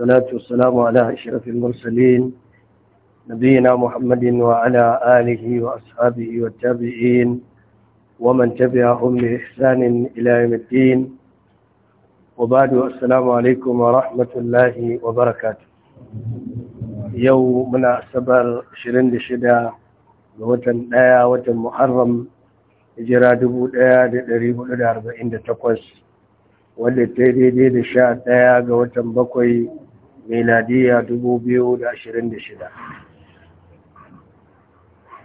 والصلاة والسلام على أشرف المرسلين نبينا محمد وعلى آله وأصحابه والتابعين ومن تبعهم بإحسان إلى يوم الدين وبعد السلام عليكم ورحمة الله وبركاته يوم من أسبر شرين لشدة وطن آية وطن محرم hijira dubu ɗaya da ɗari hudu da arba'in da takwas wadda ta daidai da sha ɗaya ga watan bakwai dubu biyu da da shida?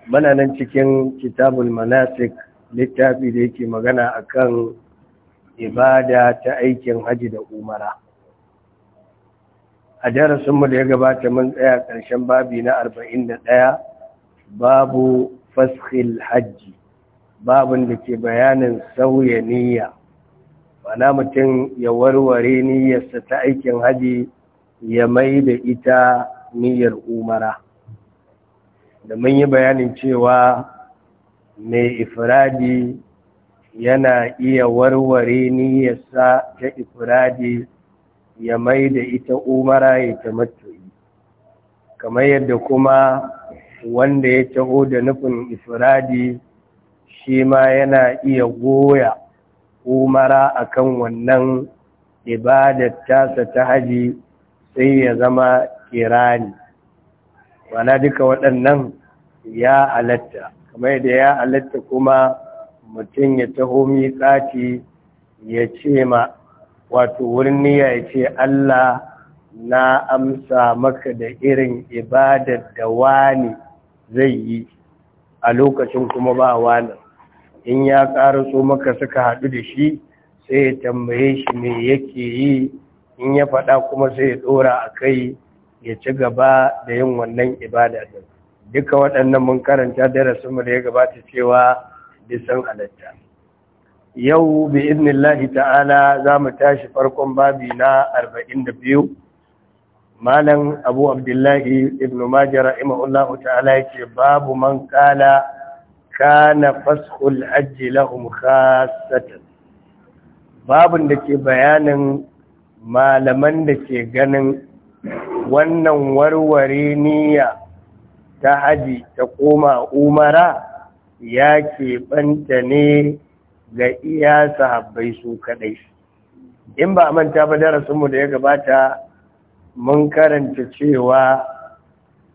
mana nan cikin kitabul manasik littafi da yake magana akan ibada ta aikin haji da umara a darasinmu da ya gabata mun tsaya ƙarshen babi na da ɗaya, babu fashil hajji babin da ke bayanin sauya niyya na mutum ya warware niyyarsa ta aikin haji ya mai da ita niyyar umara da mun yi bayanin cewa mai ifiradi yana iya warware niyyarsa ta ifiradi, ya mai da ita umara ya yi, kamar yadda kuma wanda ya taho da nufin ifiradi shi ma yana iya goya umara akan wannan ibadar tasa ta haji sai ya zama kirani wana duka waɗannan ya alatta kamar da ya alatta kuma mutum ya taho miƙati ya ce ma wato wurin niyya ya ce Allah na amsa maka da irin ibadar da wani zai yi a lokacin kuma ba wani in ya ƙaraso maka suka haɗu da shi sai ya tambaye shi me yake yi in ya faɗa kuma sai ya ɗora a kai ya ci gaba da yin wannan ibada din duka waɗannan mun karanta darasinmu da ya gabata cewa bisan halatta yau bi idnillahi ta'ala za mu tashi farkon babi na biyu. malam abu abdullahi ibn majah rahimahullahu ta'ala yake babu man kala kana fashul hajji lahum khassatan babun da ke bayanin malaman da ke ganin wannan warware niyya ta haji ta koma umara ya keɓanta ne ga iya sahabbai su kaɗai in ba a manta ba darasinmu da ya gabata mun karanta cewa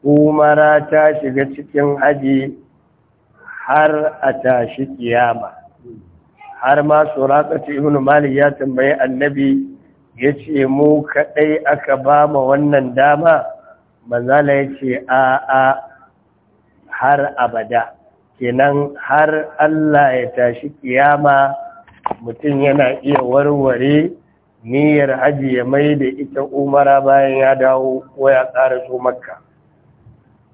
umara ta shiga cikin haji har a tashi kiyama har ma su ratsa ibn malik ya tambayi annabi ya ce mu kaɗai aka ba ma wannan dama manzala ya ce a a har abada kenan har Allah ya tashi kiyama mutum yana iya warware niyyar haji ya mai da ita umara bayan ya dawo ko ya so makka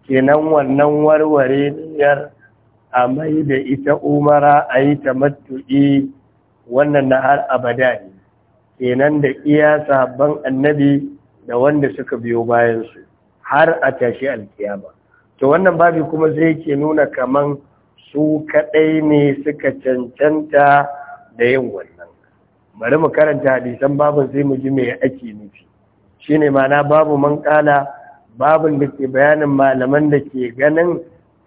kenan wannan warware niyyar a mai da ita umara a yi matui wannan na har abada ne kenan da iya sabon annabi da wanda suka biyo bayansu har a tashi alkiyama to wannan babi kuma zai ke nuna kaman su kaɗai ne suka cancanta da yin wannan bari mu karanta hadisan babin sai mu ji me ake nufi shine mana babu man kala babin da ke bayanin malaman da ke ganin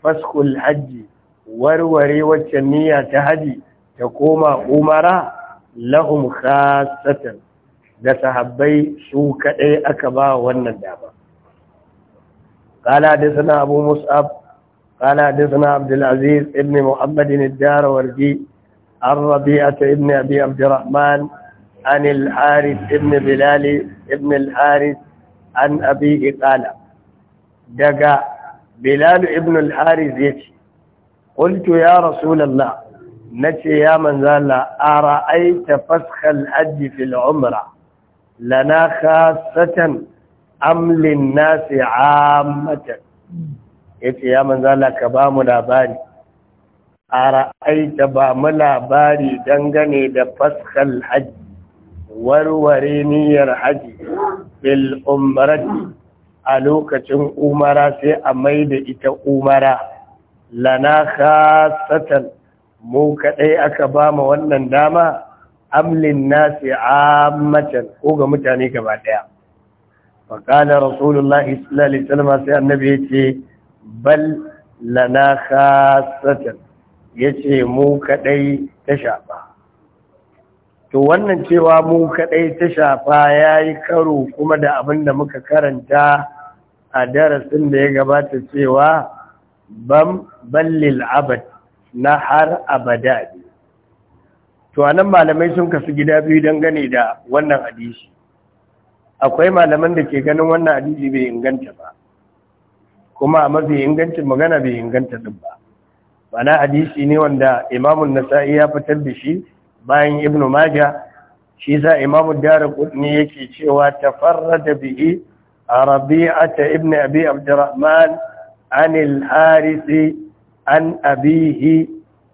faskul hajji warware wacce niyya ta hajji, ta koma umara لهم خاصة لسحبي سوك اي اكبا والنجابة قال حدثنا ابو مصعب قال حدثنا عبد العزيز ابن محمد الدار ورجي الربيعة ابن ابي عبد الرحمن عن الحارث ابن بلال ابن الحارث عن ابي قال دقا بلال ابن الحارث يتي قلت يا رسول الله na ce ya manza la'ara aita faskal aji fil umra lana khasatan amlin nasi ammatan ya ce ya manza la ka ba mu labari a ra'aita ba mu labari dangane da faskal haji warware niyyar haji fil a lokacin umara sai a mai da ita umara lana khasatan mu kaɗai aka ba ma wannan dama amlin nasi ammatan ko ga mutane gaba ɗaya faƙala rasulullah islalai sai annabi ya ce bal lana khasatan ya ce mu kaɗai ta shafa to wannan cewa mu kaɗai ta shafa ya yi karo kuma da abin da muka karanta a darasin da ya gabata cewa bam ballil abad na har abada ne to anan malamai sun kasu gida biyu dangane da wannan hadisi akwai malaman da ke ganin wannan hadisi bai inganta ba kuma a mafi ingancin magana bai inganta din ba mana hadisi ne wanda imamun nasa'i ya fitar da shi bayan ibnu maja shi sa imamun daraqutni yake cewa tafarrada bihi rabi'ata ibnu abi abdurrahman anil harisi an abihi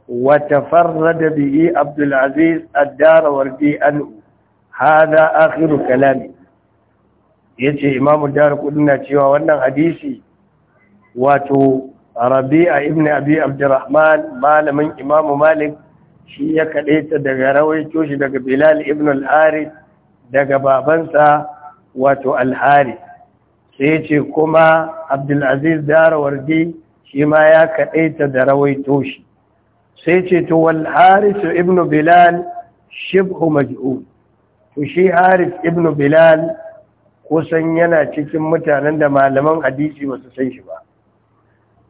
وتفرد به عبد العزيز الدار وردي أنه هذا آخر كلامي yace imam ad-darqutni na cewa wannan hadisi wato rabi'a ibn abi abdurrahman malamin imam malik shi ya kadaita daga rawaito shi daga bilal ibn al-harith daga babansa wato al-harith sai ce kuma abdul aziz darawardi shi ma ya kaɗaita da rawaito shi sai ce to wal haris ibn bilal shibhu maj'ul to shi haris ibn bilal kusan yana cikin mutanen da malaman hadisi ba su san shi ba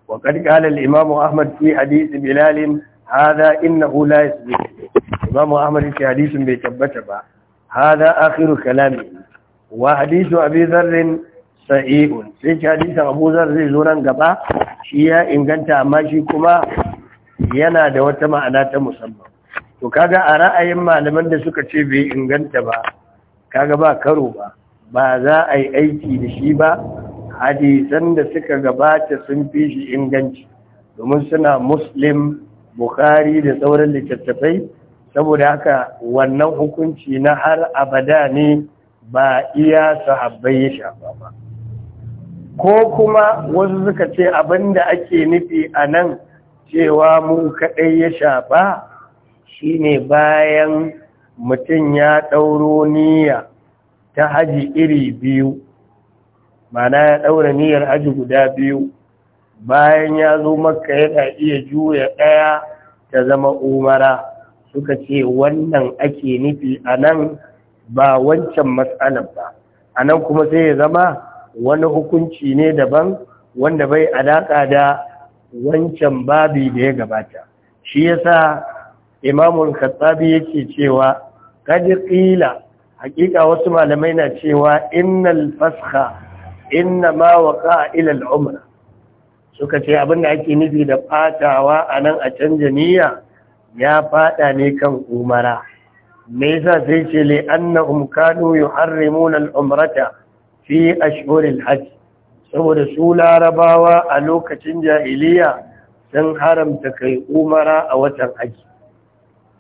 wa qad qala al imam ahmad fi hadith bilal hada innahu la yasbih imam ahmad fi hadisin bai tabbata ba hada akhiru kalami wa hadithu abi dharr sa'i'un sai shi hadisin Abu Zar zai zo nan gaba shi ya inganta amma shi kuma yana da wata ma'ana ta musamman to kaga a ra'ayin malaman da suka ce bai inganta ba kaga ba karo ba ba za a yi aiki da shi ba hadisan da suka gabata sun fi shi inganci domin suna muslim bukhari da sauran littattafai saboda haka wannan hukunci na har abada ne ba iya sahabbai ya shafa ba ko kuma wasu suka ce da ake nufi a nan cewa mu kaɗai ya shafa shine bayan mutum ya ɗauro niyya ta haji iri biyu mana ya ɗaura niyyar haji guda biyu bayan ya zo makka yana iya juya ɗaya ta zama umara suka ce wannan ake nufi a nan ba wancan matsalar ba a nan kuma sai ya zama wani hukunci ne daban wanda bai alaƙa da wancan babi da ya gabata shi yasa imamul khattabi yake cewa kad qila hakika wasu malamai na cewa innal fasha inna ma waqa ila al umra suka ce abinda ake nufi da fatawa anan a canja niyya ya fada ne kan umara me yasa sai ce le annahum kanu yuharrimuna al umrata fi ashhurin hajji saboda su larabawa a lokacin jahiliya sun haramta kai umara a watan hajji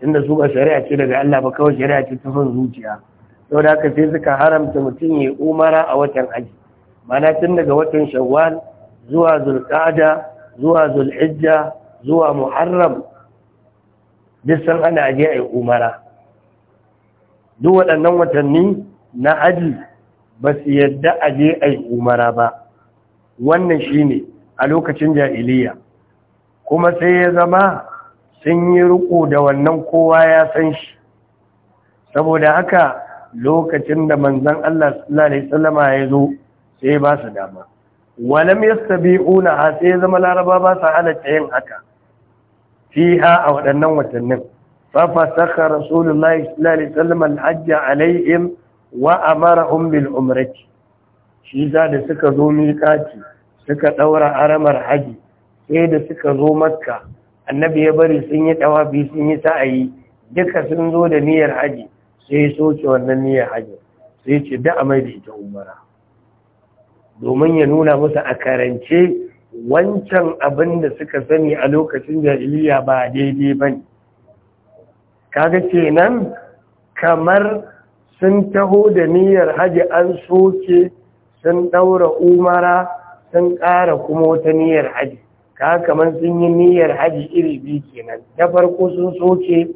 inda su ga shari'a ce daga Allah ba kawai shari'a ce ta son zuciya saboda haka sai suka haramta mutum ya umara a watan hajji mana tun daga watan shawwal zuwa Zulqada, zuwa zulhijja zuwa muharram duk san ana je a umara duk waɗannan watanni na hajji ba su yadda a je a yi umara ba wannan shi ne, a lokacin jahiliya kuma sai ya zama sun yi riko da wannan kowa ya san shi saboda haka lokacin da manzan Allah sallallahu alaihi ya zo sai ba su dama walam una a sai ya zama laraba ba su halatta yin haka Fi ha a waɗannan watannin fa fasakha rasulullahi sallallahu alaihi alaihim wa amara umbil umrati shi za da suka zo miƙati suka ɗaura aramar haji sai da suka zo makka annabi ya bari sun yi ɗawafi sun yi sa'ayi duka sun zo da niyyar haji sai ya soke wannan niyyar haji sai ce da amai da ita umara domin ya nuna musu a karance wancan abin da suka sani a lokacin jahiliya ba daidai ba ne kaga kenan kamar sun taho da niyyar haji an soke sun ɗaura umara sun ƙara kuma wata niyyar haji ka kamar sun yi niyyar haji iri biyu kenan ta farko sun soke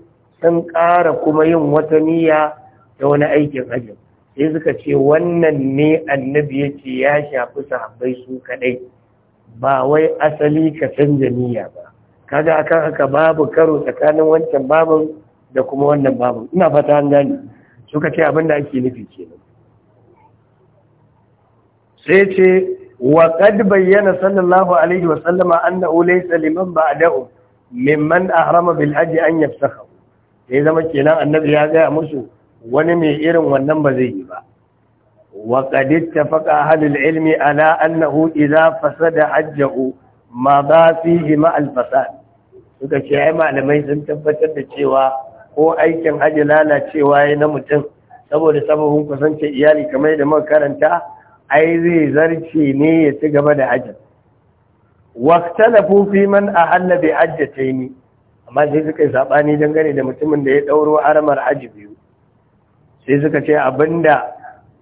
sun ƙara kuma yin wata niyya da wani aikin hajji sai suka ce wannan ne annabi ya ce ya shafi sahabbai su kaɗai ba wai asali ka canja niyya ba kaga akan haka babu karo tsakanin wancan babin da kuma wannan babin ina fata an gani suka ce abinda ake nufi kenan sai ce wa qad bayyana sallallahu alaihi wa sallama annahu laysa liman ba'dahu mimman ahrama bil hajji an yafsakha sai zama kenan annabi ya gaya musu wani mai irin wannan ba zai yi ba wa qad ittafaqa ahlul ilmi ala annahu fasa da hajjahu ma ba fihi ma alfasa suka ce ai malamai sun tabbatar da cewa ko aikin hajji lalacewa ya na mutum saboda sababin kusanci iyali kamar da makaranta, karanta ai zai zarce ne ya ci gaba da hajji waktalafu fi man ahalla bi ni. amma sai suka yi sabani dangane da mutumin da ya ɗauro aramar aji biyu sai suka ce abinda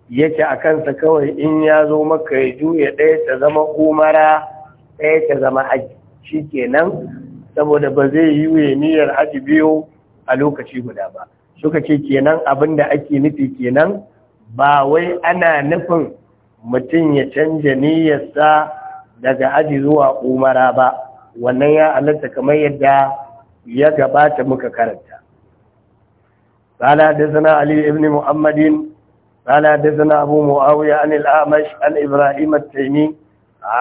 yake a kansa kawai in ya zo maka ya juya ɗaya ta zama umara ɗaya ta zama aji shi kenan saboda ba zai yi niyyar haji biyu a lokaci guda ba suka ce kenan abin da ake nufi kenan ba wai ana nufin mutum ya canja sa daga aji zuwa umara ba wannan ya halatta kamar yadda ya gabata muka karanta قال حدثنا علي بن محمد قال حدثنا أبو معاوية عن Ibrahim, عن إبراهيم التيمي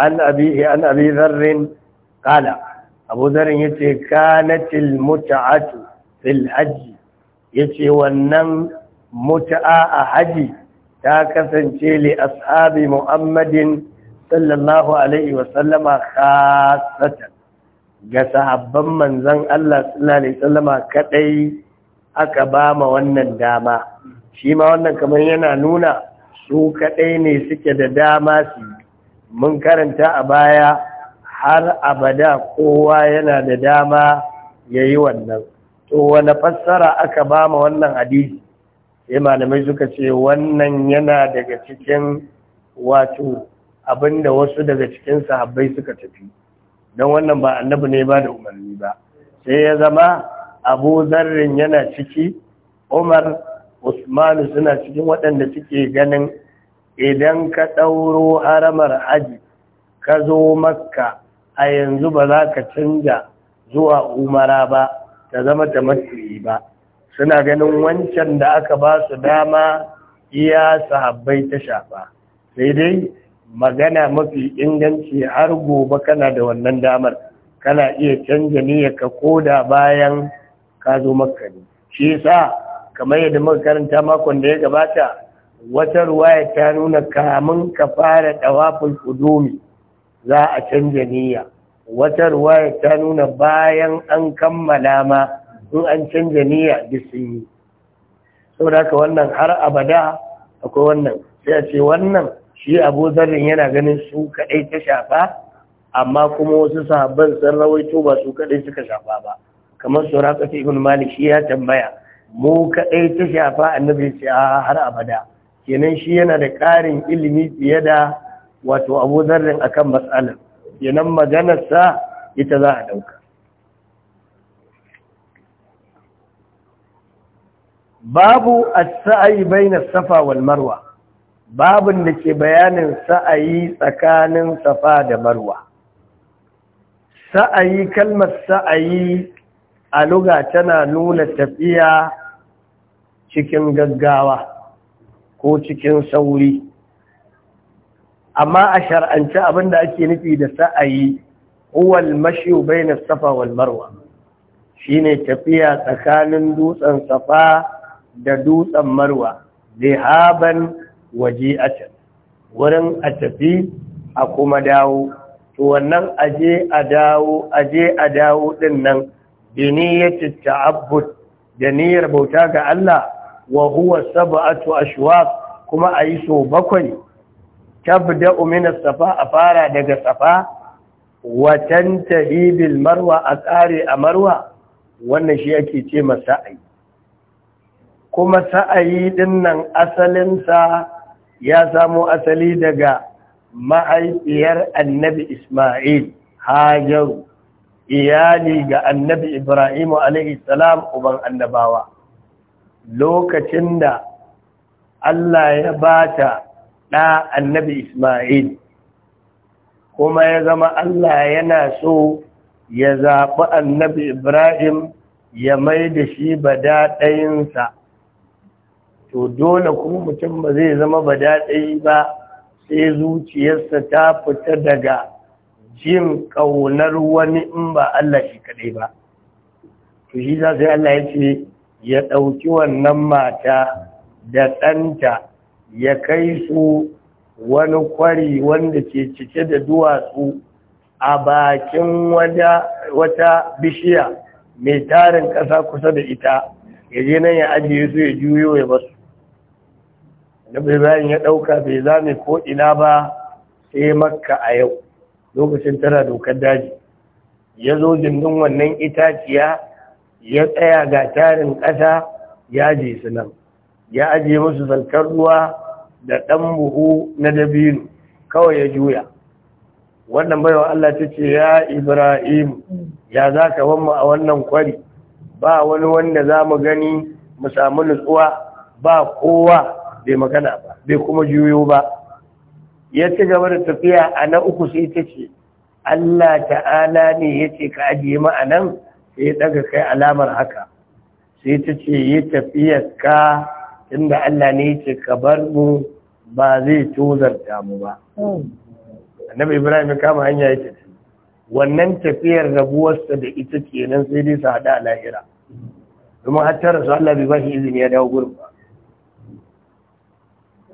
عن أبيه عن أبي ذر قال أبو ذر يتي كانت المتعة fil ya ce wannan muta'a a haji ta kasance li ashabi muhammadin sallallahu alaihi wa sallama ga sahabban manzon Allah sallallahu alaihi wasallama kadai aka ba ma wannan dama shi ma wannan kamar yana nuna su kadai ne suke da dama su mun karanta a baya har abada kowa yana da dama yayi wannan to wani fassara aka ba ma wannan hadisi sai malamai suka ce wannan yana daga cikin wato abinda wasu daga cikin sahabbai suka tafi don wannan ba annabi ne ba da umarni ba sai ya zama abu zarrin yana ciki umar usmanu suna cikin waɗanda suke ganin idan ka ɗauro haramar aji ka zo makka a yanzu ba za ka canja zuwa umara ba ta zama ta matuyi ba suna ganin wancan da aka ba su dama iya sahabbai ta shafa sai dai magana mafi inganci har gobe kana da wannan damar kana iya canja niyyarka ka koda bayan ka zo makka ne shi yasa kamar yadda muka karanta makon da ya gabata wata ruwaya ta nuna kamun ka fara ɗawafin kudumi za a canja niyya wata ruwaya ta nuna bayan an kammala ma in an canja niyya duk sun yi saboda haka wannan har abada akwai wannan sai a ce wannan shi abu zarin yana ganin su kaɗai ta shafa amma kuma wasu sahabban sun rawaito ba su kaɗai suka shafa ba kamar suraqatu ibn malik shi ya tambaya mu kaɗai ta shafa annabi ce a har abada kenan shi yana da ƙarin ilimi fiye da wato abu zarin akan matsalar kenan maganarsa ita za a ɗauka babu sa’ayi sai baina safa wal marwa babin da ke bayanin sa'ayi tsakanin safa da marwa sa'ayi kalmar sa'ayi a luga tana nuna tafiya cikin gaggawa ko cikin sauri amma a shar'anci abin da ake nufi da sa'ayi huwal mashiyu baina safa wal marwa shine tafiya tsakanin dutsen safa da dutsen marwa a waji'atan wurin a tafi a kuma dawo to wannan aje a dawo aje a dawo din nan biniyatu ta'abbud da niyyar bauta ga Allah wa huwa sab'atu ashwaq kuma ayi so bakwai tabda min safa a fara daga safa wa tantahi bil marwa a tsare a marwa wannan shi yake ce sa'ayi kuma sa'ayi dinnan asalin sa ya samo asali daga mahaifiyar annabi Ismail Hajaru iyali ga annabi Ibrahim alaihi uban annabawa lokacin da Allah ya bata ɗa annabi Ismail kuma ya zama Allah yana so ya zaɓi annabi Ibrahim ya mai da shi daɗayinsa, to dole kuma mutum ba zai zama badaɗayi ba sai zuciyarsa ta fita daga jin ƙaunar wani in ba Allah shi kaɗai ba to shi za sai Allah ya ce ya ɗauki wannan mata da ɗanta ya kai su wani kwari wanda ke cike da duwatsu a bakin wata bishiya mai tarin ƙasa kusa da ita ya je nan ya ajiye su ya juyo ya basu da bayan ya ɗauka bai zame ko ina ba sai makka a yau lokacin tana dokar daji ya zo jindin wannan itaciya ya tsaya ga tarin ƙasa ya je su nan ya ajiye musu zalkar ruwa da ɗan buhu na dabino kawai ya juya wannan baiwa Allah ta ce ya ibrahim ya za ka wamma a wannan kwari ba wani wanda za mu gani mu samu nutsuwa ba kowa bai magana ba bai kuma juyo ba ya ci gaba da tafiya a na uku sai ta ce Allah ta'ala ne ya ce ka ajiye ma'anan sai ya daga kai alamar haka sai ta ce ya tafiya ka inda Allah ne ce ka bar mu ba zai tozarta mu ba annabi ibrahim ya kama hanya yake ce, wannan tafiyar rabuwarsa da ita kenan sai dai su haɗa a lahira domin har tara su Allah bai ba shi izini ya dawo gurin ba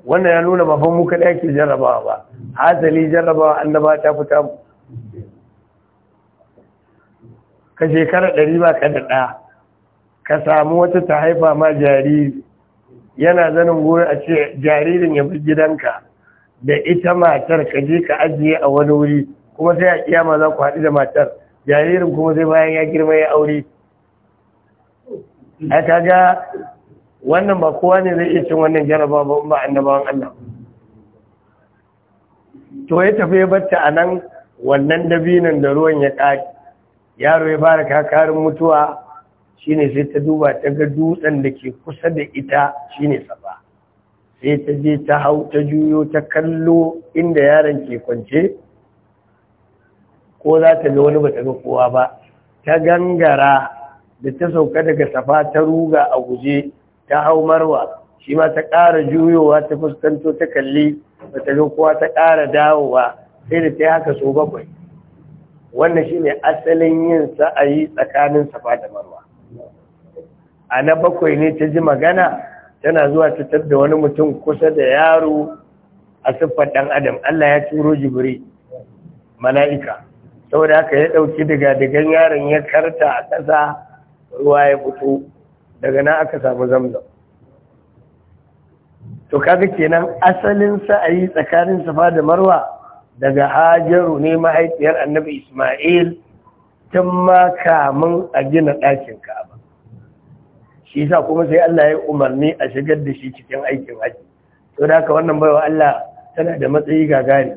wannan ya nuna ba fa mu kada jarrabawa ba hasali jarrabawa annaba ta fita mu ka shekara ɗari ba ka da ɗaya. ka samu wata ta haifa ma jariri yana zanen wurin a ce jaririn ya fi gidanka da ita matar ka je ka ajiye a wani wuri kuma sai a kiyama za ku haɗu da matar jaririn kuma sai bayan ya girma ya aure a kaga wannan ba kowa ne zai iya cin wannan jaraba ba ba annabawan Allah to ya tafi ya batta a nan wannan dabinin da ruwan ya ƙaƙi yaro ya fara kakarin mutuwa shine sai ta duba ta ga dutsen da ke kusa da ita shine safa sai ta je ta hau ta juyo ta kallo inda yaron ke kwance ko za ta ga wani bata ga kowa ba ta gangara da ta sauka daga safa ta ruga a guje ta hau marwa shi ma ta ƙara juyowa ta fuskanto ta kalli ta ga kowa ta ƙara dawowa sai da ta yi haka so bakwai wannan shine asalin yin sa'ayi tsakanin safa da marwa a na bakwai ne ta ji magana tana zuwa ta da wani mutum kusa da yaro a siffar ɗan adam Allah ya turo jibiri mala'ika saboda haka ya ɗauki daga digan yaron ya karta a ƙasa ruwa ya fito daga nan aka samu zamzam to kaga kenan asalin sa'ayi tsakanin safa da marwa daga hajaru ne mahaifiyar annabi isma'il tun ma kamun a gina ɗakin ka'aba shi sa kuma sai Allah ya umarni a shigar da shi cikin aikin haji to da haka wannan baiwa Allah tana da matsayi gagari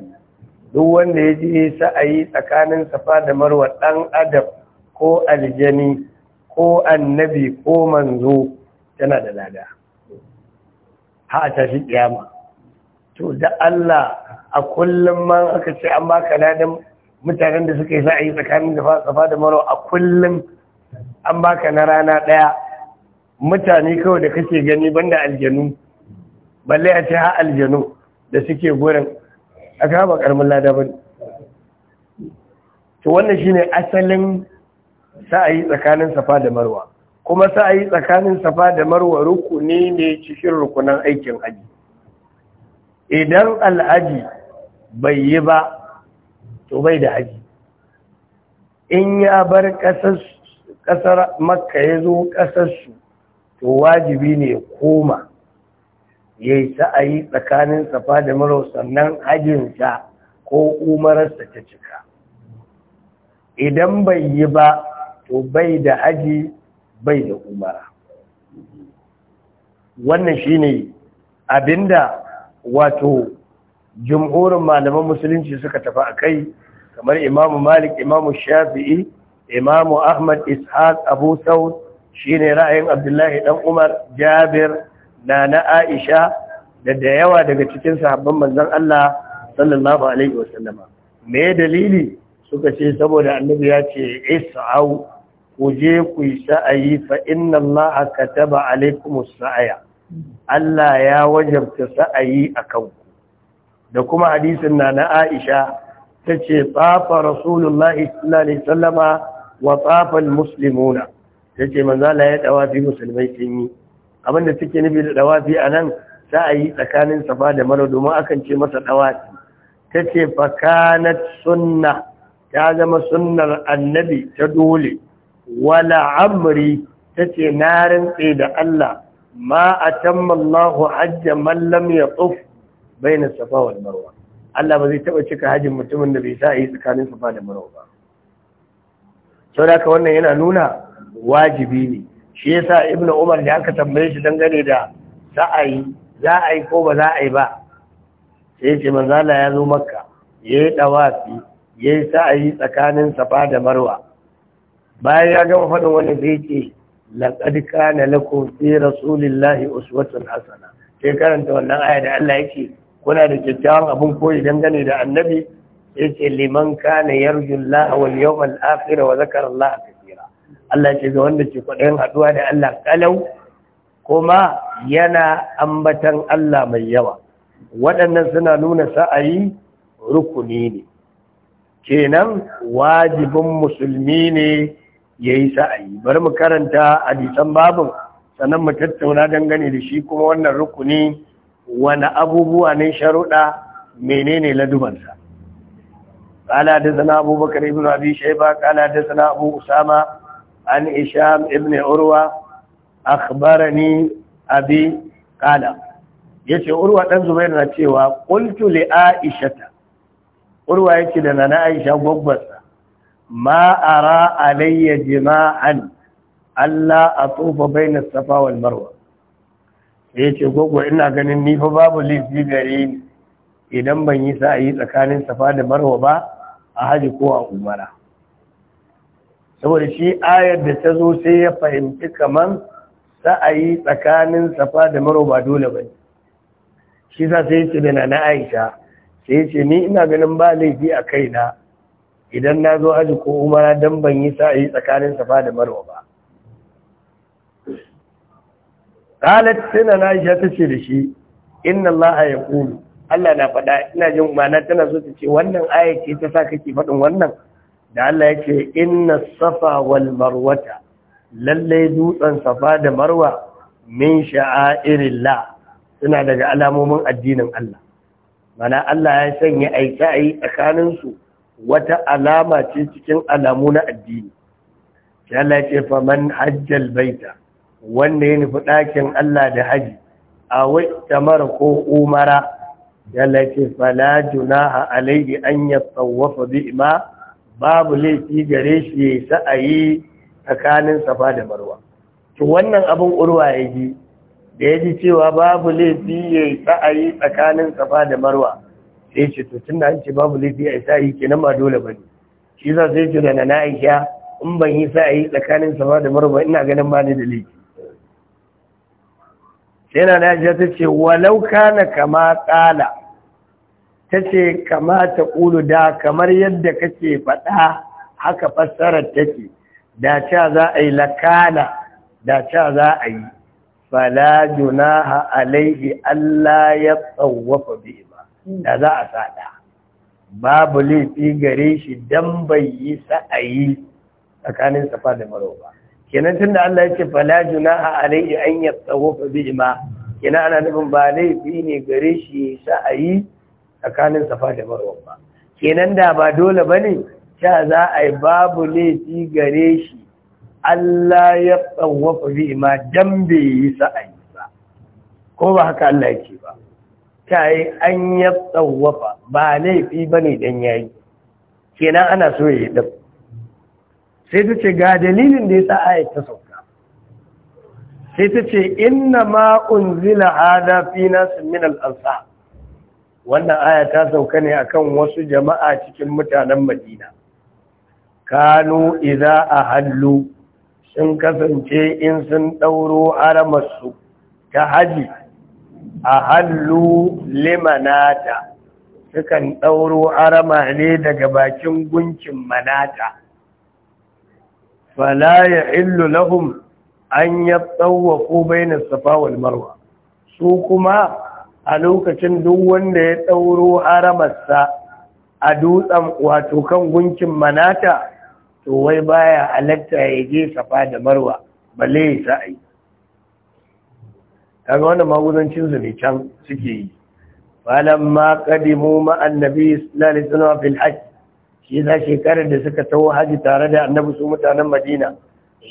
duk wanda ya je sa'ayi tsakanin safa da marwa dan adam ko aljani ko annabi ko manzo tana da lada ha a tashi kiyama to da Allah a kullum man aka ce an baka ladan mutanen da suka yi sa'ayi tsakanin safa da marwa a kullum an baka na rana ɗaya. mutane kawai da kake gani banda aljanu balle a ce ha aljanu da suke gurin a kama karmin lada ba to wannan shine asalin sa'ayi tsakanin safa da marwa kuma sa'ayi tsakanin safa da marwa rukuni ne cikin rukunan aikin aji. idan al'aji bai yi ba to bai da aji. in ya bar ƙasar makka ya zo ƙasarsu to wajibi ne koma ya yi sa'ayi tsakanin safa da maro sannan hajjinsa ko umararsa ta cika idan bai yi ba to bai da haji bai da umara wannan shi shine abinda wato jim'urin malaman musulunci suka tafi a kai kamar imamu malik imamu shafi'i imamu ahmad ishaq abu saud shine ra'ayin Abdullahi dan Umar Jabir na na Aisha da da yawa daga cikin sahabban manzan Allah sallallahu alaihi wasallama me dalili suka ce saboda annabi ya ce is'au ku je ku yi sa'ayi fa inna Allah kataba alaikumus sa'aya Allah ya wajabta sa'ayi akan ku da kuma hadisin na na Aisha tace tsafa rasulullahi sallallahu alaihi wasallama wa tsafa almuslimuna ta ce manzala ya dawafi musulmai sun yi da suke nufi da dawafi a nan za a yi tsakanin safa da mara domin akan ce masa dawafi ta ce fakanat sunna ta zama sunnar annabi ta dole wala amri ta ce na rantse da Allah ma a tammallahu hajja mallam ya tsuf bai na safa wal marwa Allah ba zai taɓa cika hajjin mutumin da bai sa a yi tsakanin safa da marwa ba sau da wannan yana nuna wajibi ne shi yasa ibnu umar da aka tambaye shi dangane da sa'ayi za a yi ko ba za a yi ba sai ce manzala ya zo makka ya yi ɗawafi ya yi sa'ayi tsakanin safa da marwa bayan ya gama faɗin wani zai ce laƙad kana lakum fi rasulillahi uswatun hasana sai karanta wannan aya da Allah yake kuna da kyakkyawan abin koyi dangane da annabi yace liman kana yarju Allah wal yawmal akhir wa zakara Allah Allah ce ga wanda ke kwaɗayin haɗuwa da Allah ƙalau kuma yana ambatan Allah mai yawa waɗannan suna nuna sa'ayi rukuni ne kenan wajibin musulmi ne ya yi sa'ayi bari mu karanta hadisan babin sannan mu tattauna dangane da shi kuma wannan rukuni wani abubuwa ne sharuɗa menene ladubansa قال حدثنا أبو بكر بن أبي شيبة قال حدثنا عن هشام Urwa عروة أخبرني أبي قال yace urwa ɗan zubair na cewa qultu li aishata urwa yace da nana aisha gobbarsa ma ara alayya jima'an Allah atufa baina safa wal marwa yace gogo ina ganin nifa fa babu lifi gare ni idan ban yi sa'i tsakanin safa da marwa ba a haji ko a umara saboda shi ayar da ta zo sai ya fahimci kaman sa'ayi tsakanin safa da maro ba dole ba shi sa sai ce da na aisha sai ce ni ina ganin ba laifi a kaina idan na zo aji ko umara don ban yi sa'ayi tsakanin safa da maro ba ƙalat tana na aisha ta ce da shi inna allaha ƙulu Allah na faɗa ina jin ma'ana tana so ta ce wannan aya ce ta sa kake faɗin wannan da Allah ya ce inna safa wal marwata lalle dutsen safa da marwa min sha'airillah suna daga alamomin addinin Allah mana Allah ya sanya ai tsakanin su wata alama ce cikin alamu na addini sai Allah ya ce man hajjal baita wanda ya nufi ɗakin Allah da haji a wai tamar ko umara ya lafi fala junaha alaihi an ya tsawafa bi ima babu laifi gare shi ya yi sa'ayi tsakanin safa da marwa to wannan abin urwa ya ji da ya ji cewa babu laifi ya yi sa'ayi tsakanin safa da marwa sai ce to tun da ce babu laifi ya yi sa'ayi kenan ba dole ba ne shi za sai ce da na aisha in ban yi sa'ayi tsakanin safa da marwa ina ganin ba ni da laifi sai na na ta ce walau kana kama tsala ta ce kamata ƙulu da kamar yadda kake faɗa haka fassarar take da cewa za a yi lakana da cewa za a yi fala junaha alaihi Allah ya tsawafa bi ba da za a sada babu laifi gare shi dan bai yi sa'ayi tsakanin safa da maro ba kenan tunda Allah ya ce fala junaha alaihi an ya tsawafa bi ba kenan ana nufin ba laifi ne gare shi sa'ayi tsakanin safa da marwa ba kenan da ba dole bane sha za a yi babu laifi gare shi Allah ya tsawafa bi ma dan bai yi sa'ayi ba ko ba haka Allah yake ba ta yi an ya tsawafa ba laifi bane dan yayi kenan ana so ya yi sai ta ce ga dalilin da ya sa yi ta sauka sai ta ce inna ma unzila hada fi nas min al wannan aya ta sauka ne akan wasu jama'a cikin mutanen madina kanu idza ahallu sun kasance in sun dauro aramarsu ta haji ahallu limanata sukan dauro arama ne daga bakin gunkin manata fala ya illu lahum an ko bai safa wal marwa su kuma a lokacin duk wanda ya ɗauro haramarsa a dutsen wato kan gunkin manata to wai baya halatta ya je safa da marwa balle ya sa sa'ai kaga wannan su ne can suke yi falamma qadimu ma annabi sallallahu alaihi wasallam fil hajj shi da shekarar da suka taho haji tare da annabi su mutanen madina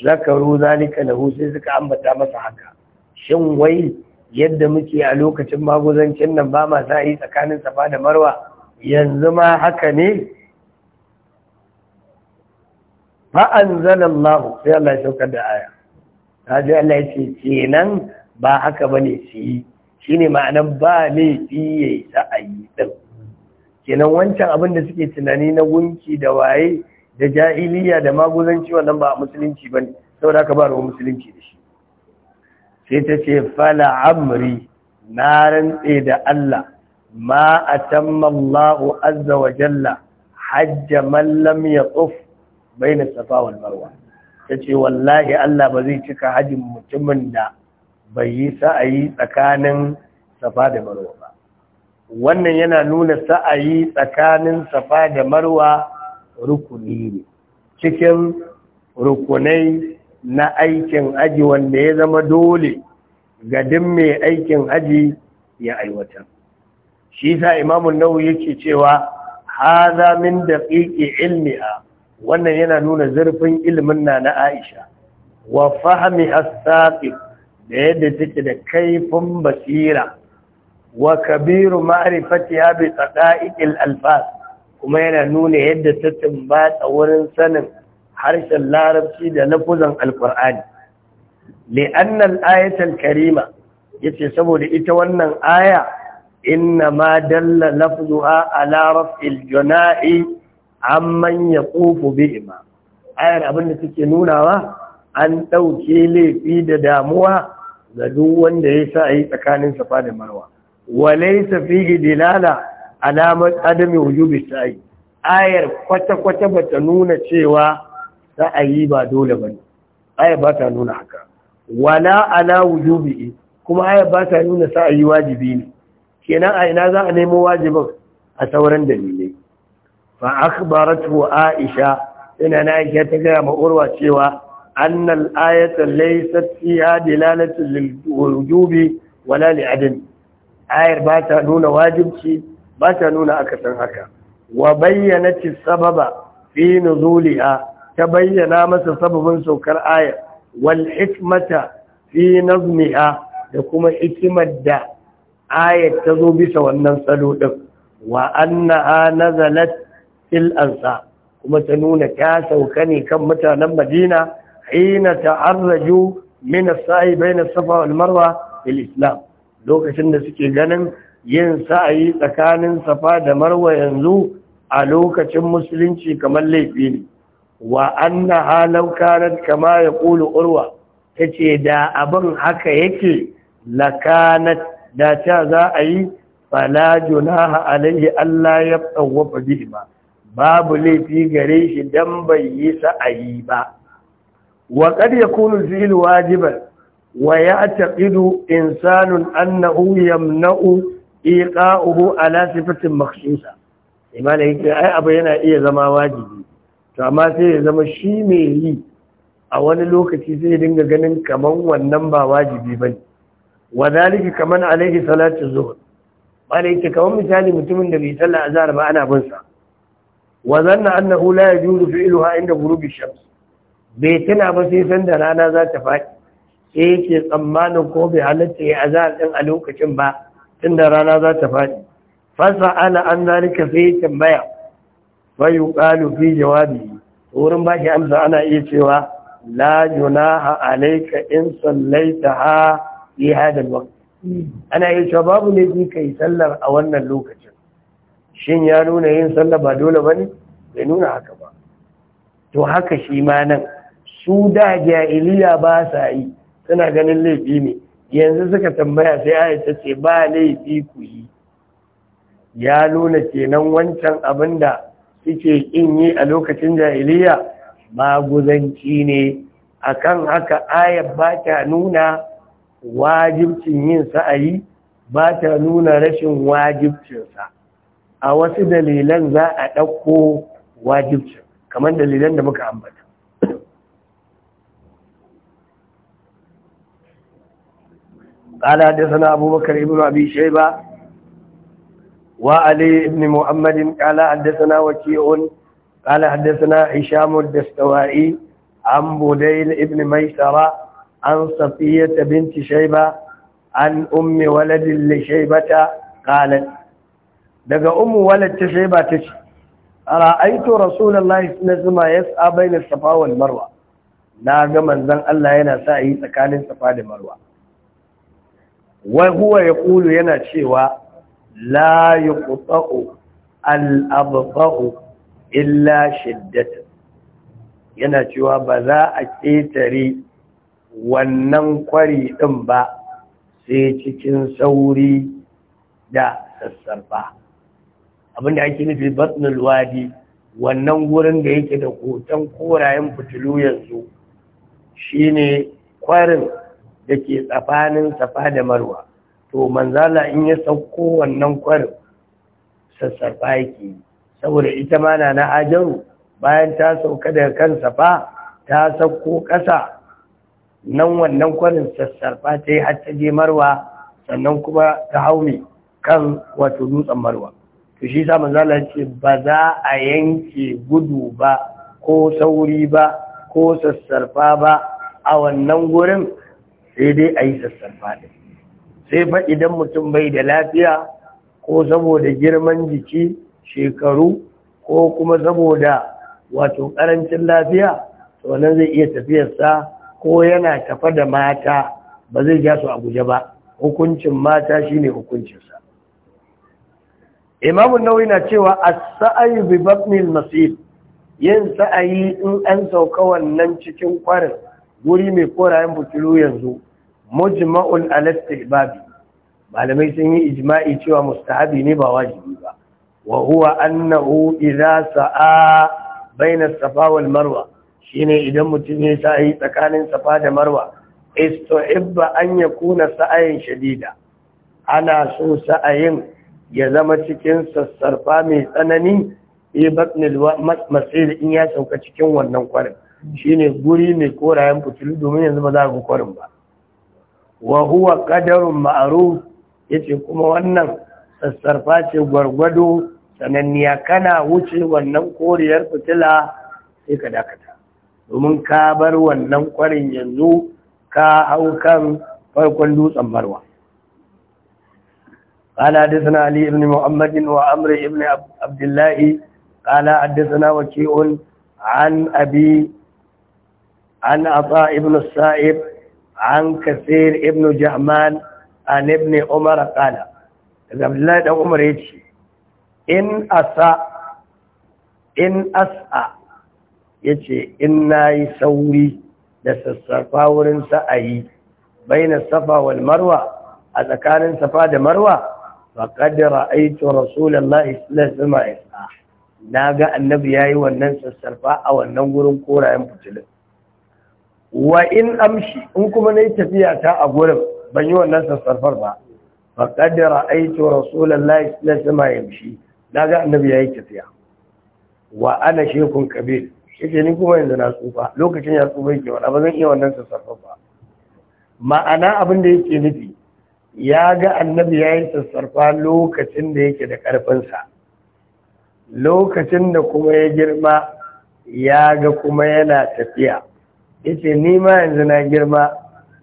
zakaru zalika lahu sai suka ambata masa haka shin wai yadda muke a lokacin maguzancin nan ba ma sa'i tsakanin safa da marwa yanzu ma haka ne an zanen mahu sai Allah ya saukar da aya ta ji Allah ya ce kenan ba haka ba ne su yi shi ne ma'anan ba laifi ya yi sa'ayi ɗin kenan wancan abin da suke tunani na gunki da waye da ja'iliya da maguzanci wannan ba musulunci ba ne saboda haka ba ruwan musulunci da shi sai ta ce fala amri na rantse da Allah ma atamma Allahu azza wa jalla hajja Mallam lam yatuf baina safa wal marwa ce wallahi Allah ba zai cika hajjin mutumin da bai yi sa'ayi tsakanin safa da marwa ba wannan yana nuna sa'ayi tsakanin safa da marwa rukuni ne cikin rukunai na aikin aji wanda ya zama dole ga mai aikin aji ya aiwata. shi sa imamun nau yake cewa haza min daqiqi ilmiha wannan yana nuna zurfin ilimin na na Aisha wa fahmi as-saqi da yadda take da kaifin basira wa kabiru ma'rifatiha bi taqa'iqil alfaz kuma yana nuna yadda ta tumbatsa wurin sanin harshen larabci da lafuzan alkur'ani li'annal ayatul karima yace saboda ita wannan aya inna ma dalla lafzuha ala raf'il juna'i amman yaqufu bi'ma ayar abinda take nunawa an dauke laifi da damuwa ga duk wanda ya sa yi tsakanin safa da marwa walaysa fihi dilala ala adami wujubi sa'i ayar kwata-kwata bata nuna cewa ra'ayi ba dole ba ne aya ba ta nuna haka wala ala wujubi kuma aya ba ta nuna sa'ayi wajibi ne kenan a ina za a nemo wajibin a sauran dalilai fa akhbaratu aisha ina na aisha ta gaya ma urwa cewa annal ayata laysat fiha dilalatu lil wujubi wala li adam ayar ba ta nuna wajibci ba ta nuna akasin haka wa bayyana sababa fi nuzuliha ta bayyana masa sababin saukar ayar wal hikmata fi nazmiha da kuma hikimar da ayar ta zo bisa wannan salo din wa annaha nazalat fil ansa kuma ta nuna ta sauka ne kan mutanen Madina hina ta'arraju min as-sa'i bayna as-safa wal marwa fil islam lokacin da suke ganin yin sa'ayi tsakanin safa da marwa yanzu a lokacin musulunci kamar laifi ne wa annaha halau kanat kama yaqulu urwa ce da abin haka yake lakanat da ta za a yi fala junaha alaihi Allah ya tsawwafa bihi ba babu laifi gare shi dan bai yi sa'ayi ba wa ya ya al-fi'l wajiban wa ya ya'taqidu insanun annahu yamna'u iqa'uhu ala sifatin makhsusa imanin yake ai abu yana iya zama wajibi to amma sai ya zama shi mai yi a wani lokaci sai ya dinga ganin kaman wannan ba wajibi ba ne wa zalika kaman alaihi salatu zuhur bane yake kaman misali mutumin da bai salla azhar ba ana bin sa wa zanna annahu la yajuzu fi'luha inda ghurubi shams bai tana ba sai san da rana za ta faɗi sai yake tsammanin ko bai halatta ya azhar din a lokacin ba tunda rana za ta faɗi fasa ana an zalika sai ya tambaya bayu yuqalu fi jawabi wurin ba shi amsa ana iya cewa la junaha alayka in ha fi hada alwaqt ana iya cewa babu ne ji kai sallar a wannan lokacin shin ya nuna yin sallar ba dole bane bai nuna haka ba to haka shi ma nan su da jahiliya ba sa yi suna ganin laifi ne yanzu suka tambaya sai aya ta ce ba laifi ku yi ya nuna kenan wancan abin da suke kin yi a lokacin jahiliya maguzanci ne akan haka ayar ba ta nuna wajibcin yin sa'ayi ba ta nuna rashin wajibcinsa a wasu dalilan za a ɗauko wajibcin kamar dalilan da muka ambata قال حدثنا أبو بكر ابن أبي شيبة Wa Ali ibni Muhammadin ƙala haddasa na waki un, ƙala haddasa na a yi shamar da tawaye, an buɗe ni ibni Maitawa, an Daga umu wala ta shaiba ta ce. Ara a yi kora zuma Yesu abu ne da safawan marwa Na ga manzan Allah yana sa ayi tsakanin safa da barwa. Wai kuwa Ya'qulu yana cewa. la yuqta'u illa shiddatan yana cewa ba za a ƙetare wannan kwari ɗin ba sai cikin sauri da sassarfa abinda ake nufi batnul wadi wannan wurin da yake da hoton korayen fitilu yanzu shine kwarin da ke tsafanin safa da marwa to manzala in ya sauko wannan kwarin sassarfa yake saboda ita ma na ajaru bayan ta sauka daga kan safa ta sauko ƙasa nan wannan kwarin sassarfa ta yi har ta je marwa sannan kuma ta haune kan wato dutsen marwa to shi sa manzala ce ba za a yanke gudu ba ko sauri ba ko sassarfa ba a wannan gurin sai dai a yi sassarfa ɗin sai fa idan mutum bai da lafiya ko saboda girman jiki shekaru ko kuma saboda wato ƙarancin lafiya to nan zai iya tafiyarsa ko yana tafa da mata ba zai ja su a guje ba hukuncin mata shine hukuncinsa imamun nawawi na cewa as-sa'yu bi batnil masir yin sa'ayi in an sauka wannan cikin kwarin guri mai korayen fitilu yanzu mujma'un ala istihbabi malamai sun yi ijma'i cewa mustahabi ne ba wajibi ba wa huwa annahu idza sa'a baina safa wal marwa shine idan mutum ya sa'i tsakanin safa da marwa istuhibba an yakuna sa'ayin shadida ana so sa'ayin ya zama cikin sassarfa mai tsanani e batnil masir in ya sauka cikin wannan kwarin shine guri mai korayen fitilu domin yanzu ba za ku kwarin ba wa huwa qadarun ma'ruf yace kuma wannan sassarfa ce gwargwado sananniya kana wuce wannan koriyar fitila sai ka dakata domin ka bar wannan kwarin yanzu ka hau kan farkon dutsen barwa قال حدثنا علي بن محمد وعمر بن عبد الله قال حدثنا وكيع عن أبي عن عطاء بن السائب عن كثير ابن جهمان عن ابن عمر قال عبد الله بن عمر يجي in as'a yace in na yi sauri da sassafa wurin sa'ayi bai na safa marwa a tsakanin safa da marwa ba ƙaddara aito rasulallah islam isa na ga annabi ya yi wannan a wannan wurin korayen fitilin wa in amshi in kuma na yi tafiya ta a gurin ban yi wannan sassarfar ba ba kaddara aiki rasulullahi na sama yamshi na ga annabi ya yi tafiya wa ana shekun kabir yake ni kuma yanzu na tsufa lokacin ya tsufa yake wani abin zan iya wannan sassarfar ba ma'ana abin da yake nufi ya ga annabi ya yi sassarfa lokacin da yake da ƙarfinsa lokacin da kuma ya girma ya ga kuma yana tafiya yace ni ma yanzu na girma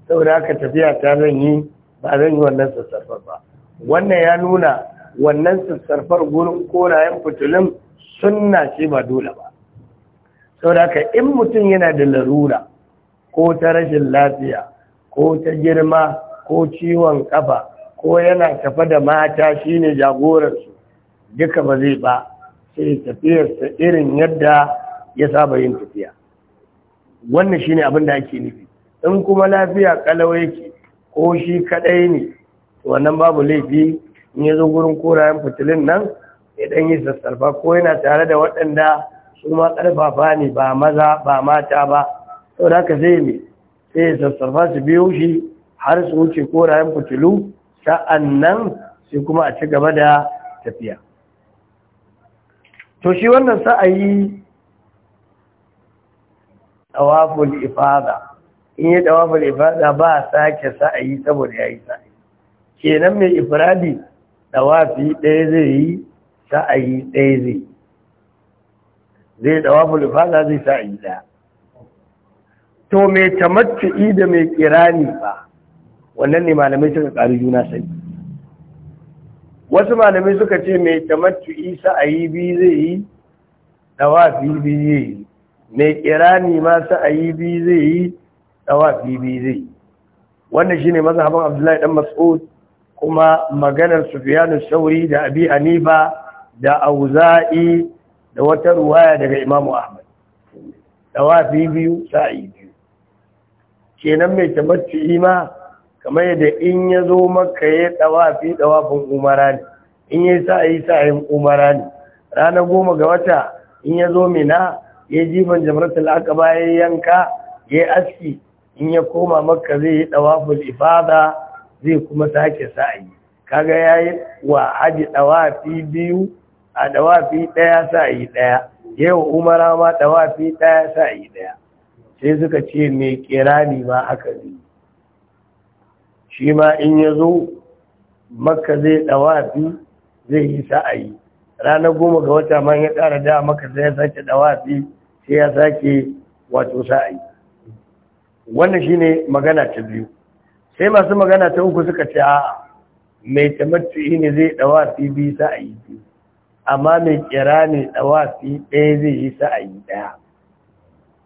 saboda haka tafiya ta zan yi ba zan yi wannan sassarfar ba wannan ya nuna wannan sassarfar gurin korayen fitulun sunna ce ba dole ba saboda haka in mutum yana da larura ko ta rashin lafiya ko ta girma ko ciwon kafa ko yana tafa da mata shine jagoransu duka ba zai ba sai tafiyarsa irin yadda ya saba yin tafiya wannan shine abin da ake nufi in kuma lafiya kalawa yake ko shi kadai ne wannan babu laifi in ya zo gurin korayen fitilin nan idan dan yi sassarfa ko yana tare da waɗanda su ma ƙarfafa ne ba maza ba mata ba sau da haka zai ne sai ya sassarfa su biyo shi har su wuce korayen fitilu sa'an nan sai kuma a ci gaba da tafiya to shi wannan sa'ayi tawaful ifada in yi tawaful ifada ba a sake sa'ayi saboda ya yi sa'ayi kenan mai ifradi tawafi ɗaya zai yi sa'ayi ɗaya zai zai tawaful ifada zai sa'ayi ɗaya to mai tamattu'i da mai kirani ba wannan ne malamai suka ƙari juna sani wasu malamai suka ce mai tamattu'i sa'ayi biyu zai yi tawafi biyu zai yi mai kirani ma sa'ayi biyu zai yi ɗawa biyu zai yi wannan shine mazhaban Abdullahi dan Mas'ud kuma maganar Sufiyanu sauri da Abi Hanifa da Auza'i da wata ruwaya daga Imam Ahmad Ɗawa biyu yi biyu kenan mai tabbaci ma kamar yadda in ya zo maka ya ɗawa tawafin umara ne in ya sa yi sa'ayin umara ne ranar goma ga wata in ya zo mina ya jifan jamratul aqaba ya yanka ya aski in ya koma makka zai yi dawaful ifada zai kuma sake sa'i kaga yayi wa haji dawafi biyu a dawafi daya sa'i daya yau umara ma dawafi daya sa'i daya sai suka ce mai kirani ma aka yi shi ma in ya zo makka zai dawafi zai yi sa'ayi ranar goma ga wata man ya ƙara da maka zai sake dawafi sai ya sake wato sa'ayi wannan shine magana ta biyu sai masu magana ta uku suka ce a mai tamattu'i ne zai dawa fi biyu sa'ayi biyu amma mai kira ne dawa fi ɗaya zai yi sa'ayi ɗaya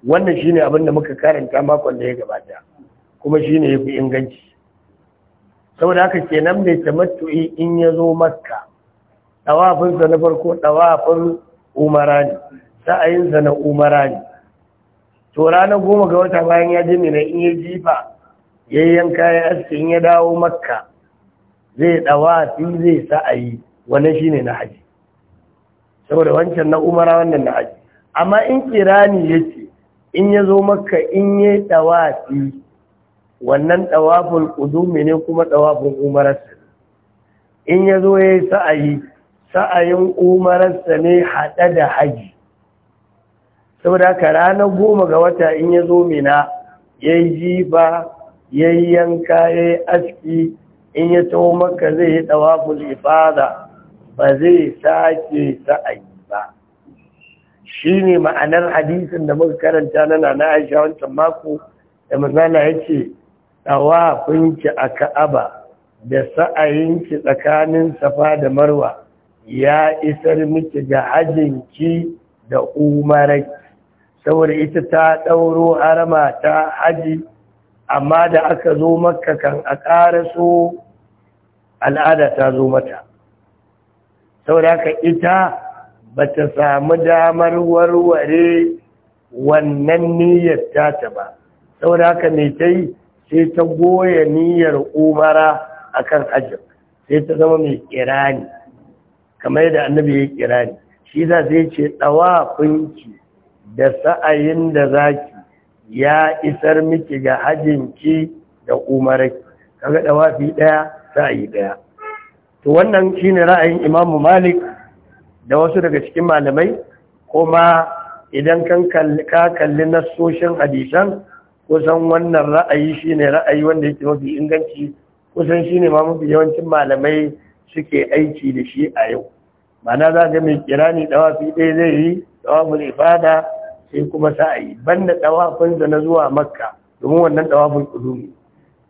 wannan shine abin da muka karanta makon da ya gabata kuma shine yafi inganci saboda haka kenan mai tamattu'i in ya zo makka dawafinsa na farko dawafin umara ne sa'ayinsa zana umara ne to ranar goma ga wata bayan ya jini na in ya jifa ya kayan ya aske in ya dawo makka zai fi, zai sa'ayi shi shine na haji saboda wancan na umara wannan na haji amma in kirani ce, in ya zo makka in ya fi, wannan dawafin kudumi ne kuma dawafin umararsa in ya zo ya yi sa'ayi sa'ayin umararsa ne haɗe da haji saboda haka ranar goma ga wata in ya zo mina ya yi jifa ya yi yanka ya yi aski in ya taho maka zai yi ɗawaful ifada ba zai sake sa'ayi ba shi ne ma'anar hadisin da muka karanta na nana aisha wancan mako da mazana ya ce ki a ka'aba da ki tsakanin safa da marwa ya isar miki ga hajjinki da umaraki saboda ita ta ɗauro harama ta haji amma da aka zo maka kan a so al'ada ta zo mata saboda haka ita ba ta samu damar warware wannan niyyar tata ba saboda haka mai ta yi sai ta goya niyyar umara a kan hajjar sai ta zama mai kirani kamar yadda annabi ya kirani shi za sai ce ɗawa ki. da sa'ayin da zaki ya isar miki ga ki da umarai, kaga wafi daya sa'ayi daya to wannan shi ne ra'ayin Imam Malik da wasu daga cikin malamai kuma idan ka kalli nassoshin hadisan kusan wannan ra'ayi shi ne ra'ayi wanda yake mafi inganci kusan shi ma mafi yawancin malamai suke aiki da shi a yau Mana za ga mai kirani dawafi ɗaya zai yi dawafin ifada sai kuma sa'ayi banda tawafin da na zuwa makka domin wannan tawafin kudumi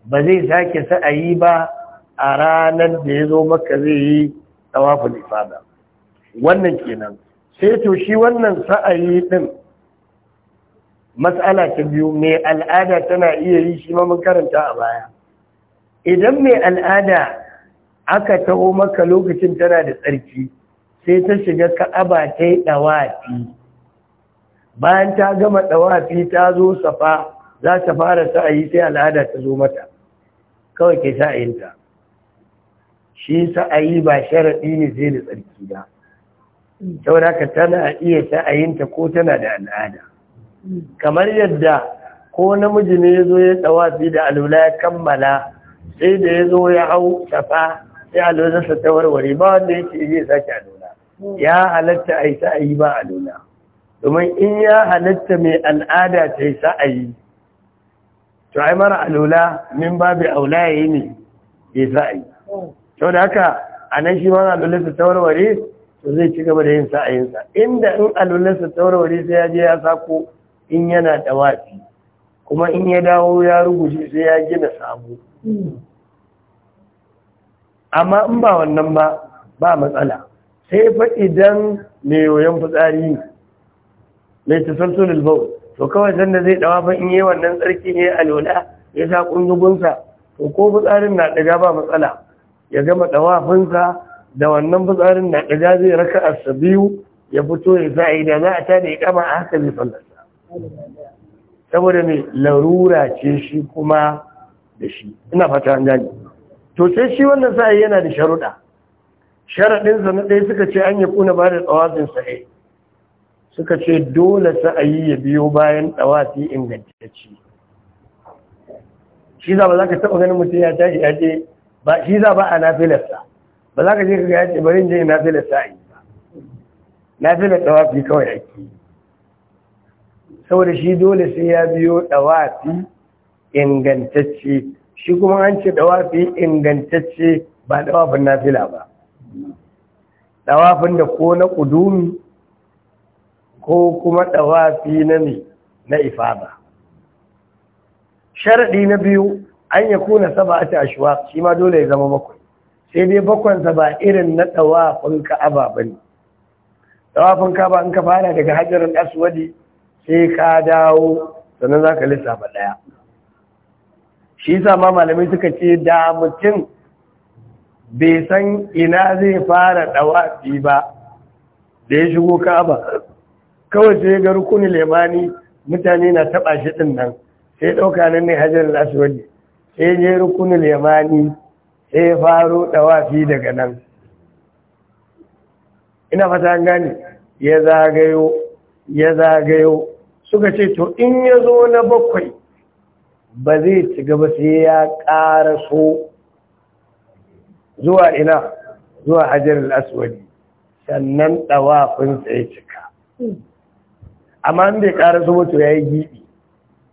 ba zai sake sa'ayi ba a ranar da ya zo makka zai yi tawafin ifada wannan kenan sai to shi wannan sa'ayi din matsala ta biyu mai al'ada tana iya yi shi mun karanta a baya idan mai al'ada aka taho maka lokacin tana da tsarki sai ta shiga ka'aba ta yi ɗawafi bayan ta gama ɗawafi ta zo safa za ta fara sa'ayi sai al'ada ta zo mata kawai ke sa'ayinta shi sa'ayi ba sharaɗi ne zai da tsarki ba saboda tana iya sa'ayinta ko tana da al'ada kamar yadda ko namiji ne ya zo ya tsawafi da alula ya kammala sai da ya zo ya hau safa sai alula ta warware ba wanda ya ce zai sake alula ya halatta a yi sa'ayi ba alula domin in ya halatta mai al'ada ta yi sa'ayi to ai mara alula min babu aula ya yi ne ya sa'ayi sau da haka a nan shi mara alularsa ta warware to zai ci gaba da yin sa'ayinsa inda in alularsa ta warware sai ya je ya sako in yana da wafi, kuma in ya dawo ya rubuce sai ya gina samu. amma in ba wannan ba ba matsala sai faɗi idan mai yoyon fitsari ne mai tasalsulul albau to kawai da zai dawa fa in yi wannan tsarki ne a lola ya sa kungugunsa to ko fitsarin na daga ba matsala ya gama funsa da wannan fitsarin na daga zai raka asa biyu ya fito ya sa da za a tada ya kama a haka zai sallarsa saboda mai larura ce shi kuma da shi ina fata an to sai shi wannan sa'ayi yana da sharuɗa sharaɗinsa na ɗaya suka ce an yi kuna ba da tsawafin sa'i suka ce dole sa'ayi ya biyo bayan ɗawafi ingantacce shi za ba za ka taɓa ganin mutum ya tashi ya ce ba shi za ba a nafilarsa ba za ka je ka ya ce bari in je nafilar sa'ayi ba nafilar ɗawafi kawai ake yi saboda shi dole sai ya biyo ɗawafi ingantacce shi kuma an ce ɗawafi ingantacce ba ɗawafin nafila ba ɗawafin da ko na ƙudumi ko kuma ɗawafi na mai na ifada sharaɗi na biyu an ya kuna saba a tashuwa, shi ma dole ya zama bakwai sai dai bakwansa ba irin na ɗawafin ka'aba ba ne ɗawafin ka'aba in ka fara daga hajjarin aswadi sai ka dawo sannan za ka lissafa ɗaya shi yasa ma malamai suka ce da mutum bai san ina zai fara ɗawafi ba da ya shigo ka'aba kawai sai ga rukuni limani mutane na taɓa shi ɗin nan sai ɗauka nan ne hajjar aswadi sai je rukuni limani sai ya faro ɗawafi daga nan ina fata gane ya zagayo ya zagayo suka ce to in ya zo na bakwai ba zai ci gaba sai ya ƙara so zuwa ina zuwa hajjar aswadi sannan ɗawafinsa ya cika amma in bai ƙara saboda ya yi giɓi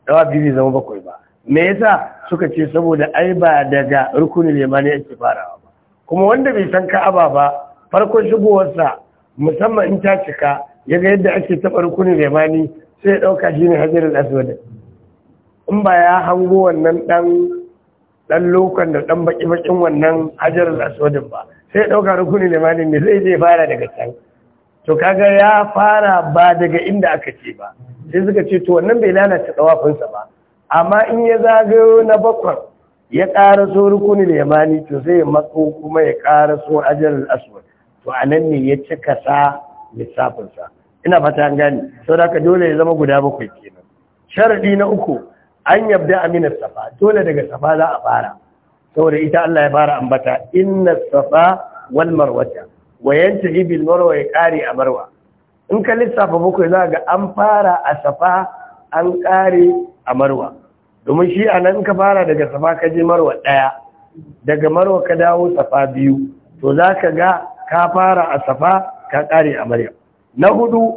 dawa bi zama bakwai ba me yasa suka ce saboda ai ba daga rukunin limani ake farawa ba kuma wanda bai san ka'aba ba farkon shigowarsa musamman in ta cika ya ga yadda ake taɓa rukunin ne sai ya ɗauka shi ne hajjar aswad in ba ya hango wannan ɗan ɗan lokan da ɗan baƙi-baƙin wannan hajjar aswadin ba sai ya ɗauka rukunin limani ne zai zai fara daga can to kaga ya fara ba daga inda aka ce ba sai suka ce to wannan bai lalata tsawafinsa ba amma in ya zagayo na bakwai ya ƙara so rukuni da yamani to sai ya matso kuma ya ƙara so ajiyar aswad to a nan ne ya cika sa lissafinsa ina fata an gani sau da dole ya zama guda bakwai kenan sharaɗi na uku an yabda aminar safa dole daga safa za a fara saboda ita Allah ya fara ambata inna safa wal marwata wa ibil bil marwa ya kare a marwa in ka lissafa bakwai za ga an fara a safa an kare a marwa domin shi a nan ka fara daga safa ka je marwa ɗaya daga marwa ka dawo safa biyu to za ka ga ka fara a safa ka kare a marwa na hudu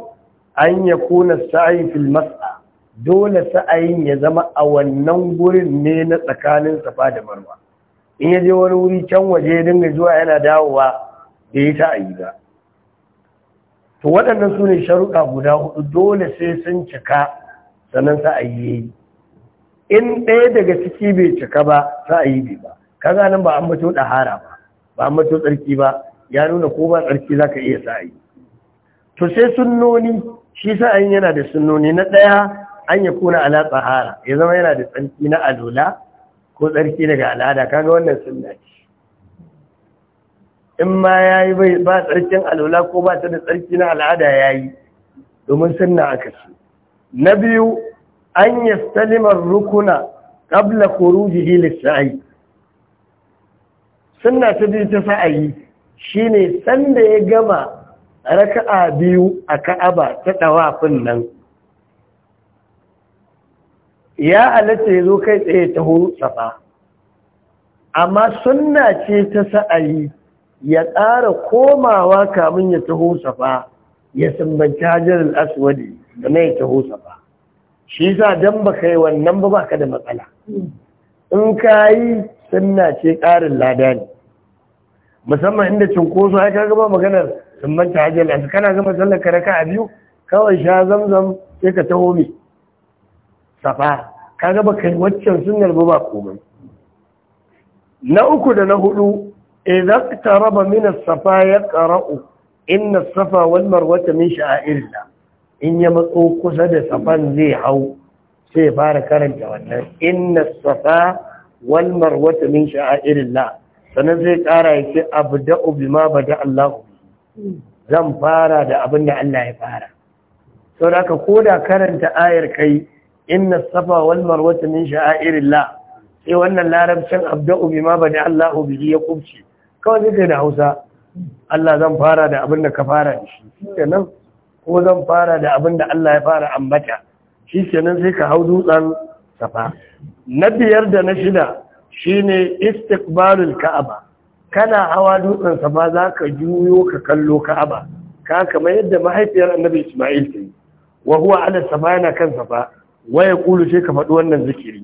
an ya kuna sa'ayin filmasa mas'a dole sa'ayin ya zama a wannan gurin ne na tsakanin safa da marwa in ya je wani wuri can waje ya dinga zuwa yana dawowa da ya yi ba to waɗannan su ne sharuɗa guda hudu dole sai sun cika sannan sa'ayi ya yi in ɗaya daga ciki bai cika ba a yi ba kaga nan ba an mato ɗahara ba ba an mato tsarki ba ya nuna ko ba tsarki za ka iya sa'ayi to sai sunnoni shi sa'ayin yana da sunnoni na ɗaya an ya kuna ala tsahara ya zama yana da tsarki na alola ko tsarki daga al'ada kaga wannan sunna ce in ma ya yi ba tsarkin alwala ko ba ta da tsarki na al'ada ya yi domin sunna aka ce na biyu an yi salimar rukuna ƙabla kuruji jihilis sa'ayi sunna ta biyu ta sa'ayi shi ne sanda ya gama raka'a biyu a ka'aba ta ɗawafin nan ya halatta ya zo kai tsaye ta huru tsafa amma sunna ce ta sa'ayi ya ƙara komawa kamun ya taho safa ya sambanci hajjar al'aswadi da mai taho safa shi sa don ba kai wannan ba ba ka da matsala in ka yi suna ce ƙarin lada ne musamman inda cinkoso ya ka gaba maganar sambanci hajjar al'asar kana gama sallar karaka a biyu kawai sha zamzam sai ka taho mai safa Ka gaba kai waccan sunnar ba ba komai na uku da na hudu idza qaraba min as-safa yaqra'u inna as-safa wal marwata min sha'airillah in ya matso kusa da safan zai hau sai fara karanta wannan inna as-safa wal marwata min sha'airillah sannan zai kara yace abda'u bima bada Allah zan fara da abin da Allah ya fara sau da ka koda karanta ayar kai inna safa wal marwata sai wannan larabcin abda'u Allahu bihi ya kubce kawai zai da hausa Allah zan fara da abin da ka fara da shi kenan ko zan fara da abin da Allah ya fara ambata shi kenan sai ka hau dutsen safa na biyar da na shida shine istiqbalul ka'aba kana hawa dutsen safa za ka juyo ka kallo ka'aba ka kamar yadda mahaifiyar annabi Isma'il ta yi wa huwa ala safa yana kan safa wa yaqulu sai ka faɗi wannan zikiri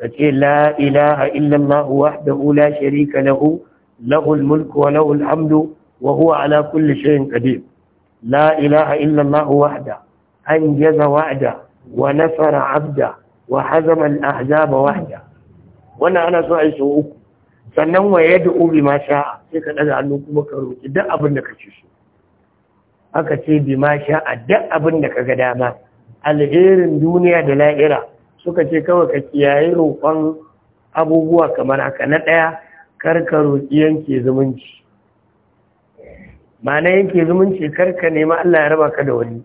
kace la ilaha illallah wahdahu la sharika lahu له الملك وله الحمد وهو على كل شيء قدير لا إله إلا الله وحده أنجز وعده ونصر عبده وحزم الأحزاب وحده وانا أنا سؤال سوء sannan wa ya da'u bi ma sha'a sai ka daga hannu kuma ka roki duk abin da kake so aka ce bi ma sha'a duk abin da kaga dama alherin duniya da la'ira suka ce kawai ka kiyaye roƙon abubuwa kamar haka na ɗaya karka roƙi yanke zumunci ma'ana yanke zumunci karka nema Allah ya raba ka da wani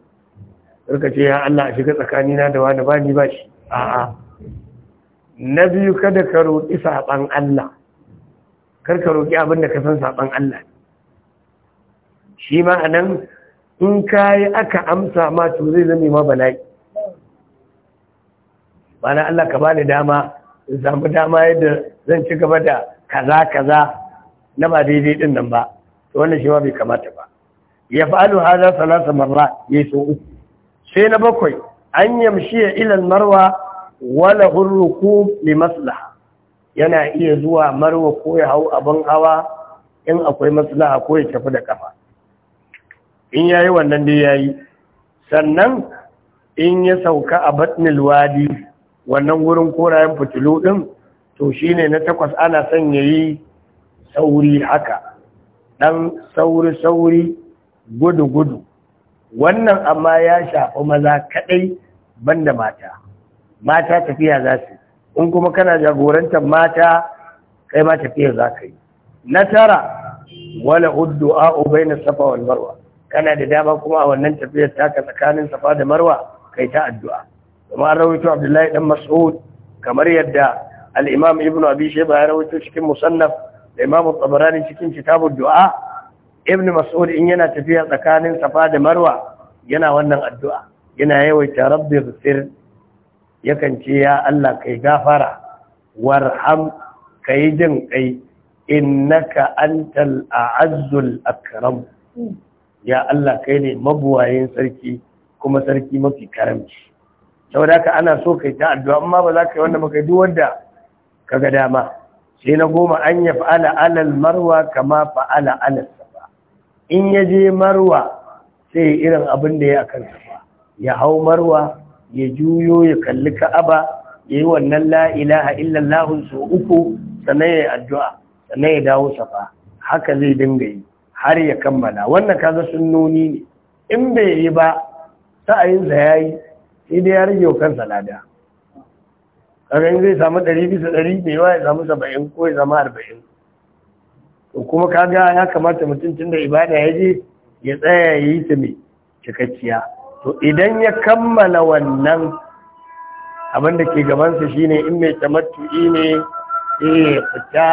karka ce ya Allah a shiga tsakanina da wani bani ba shi a'a na biyu kada ka roƙi saɓan Allah karka roƙi abin da ka san saɓan Allah shi ma nan in kayi aka amsa ma to zai zame ma bala'i na Allah ka bani dama in samu dama yadda zan ci gaba da kaza kaza na ba daidai din nan ba to wannan shi ma bai kamata ba ya fa'alu hadha salasa marra yaso uku sai na bakwai an yamshi ila marwa wala hurruku li maslaha yana iya zuwa marwa ko ya hau abin hawa in akwai maslaha ko ya tafi da kafa in yayi wannan dai yayi sannan in ya sauka a batnil wadi wannan wurin korayen fitilu din to shi ne na takwas ana son yayi sauri haka Ɗan sauri sauri gudu gudu wannan amma ya shafi maza kaɗai banda mata mata tafiya za su in kuma kana jagorantar mata kai ma tafiya za ka yi na tara wala uddu'a na safa wal marwa kana da dama kuma a wannan tafiyar taka tsakanin safa da marwa kai ta addu'a kuma an rawaito abdullahi dan mas'ud kamar yadda al-imam ibn abi shayba ya rawaito cikin musannaf da imam tabarani cikin kitabud du'a ibn mas'ud in yana tafiya tsakanin safa da marwa yana wannan addu'a yana yawaita rabbi ghfir yakan ce ya Allah kai gafara warham kai jin kai innaka antal a'azzul akram ya Allah kai ne mabuwayin sarki kuma sarki mafi karamci saboda haka ana so kai ta addu'a amma ba za ka yi wanda maka duk wanda kaga dama sai na goma an ya fa'ala alal marwa kama fa'ala alal safa in ya je marwa sai irin abin da ya akan safa ya hau marwa ya juyo ya kalli ka'aba ya yi wannan la'ilaha illallahun su uku sannan ya yi addu'a sannan ya dawo safa haka zai dinga yi har ya kammala wannan kaga sunnoni ne in bai yi ba sa'ayinsa ya yi sai dai ya rage kansa lada kaga zai samu ɗari bisa ɗari mai wa ya samu saba'in ko ya samu arba'in to kuma kaga ya kamata mutum tun da ibada ya je ya tsaya ya yi ta mai cikakkiya to idan ya kammala wannan abin da ke gabansa shine in mai tamattu'i ne sai ya fita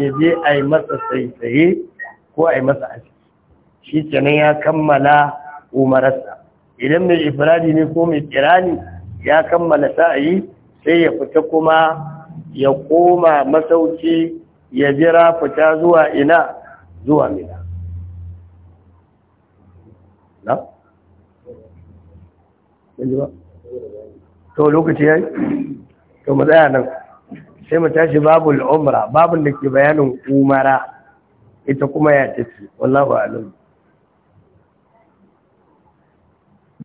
ya je a yi masa saisaye ko a yi masa aski shi kenan ya kammala umararsa idan mai ifradi ne ko mai kirani ya kammala sa'ayi sai ya fita kuma ya koma masauki ya jira fita zuwa ina zuwa mina na? to lokaci ya yi to matsaya nan sai mu tashi babul umra babul da ke bayanin umara ita kuma ya tafi wallahu alamu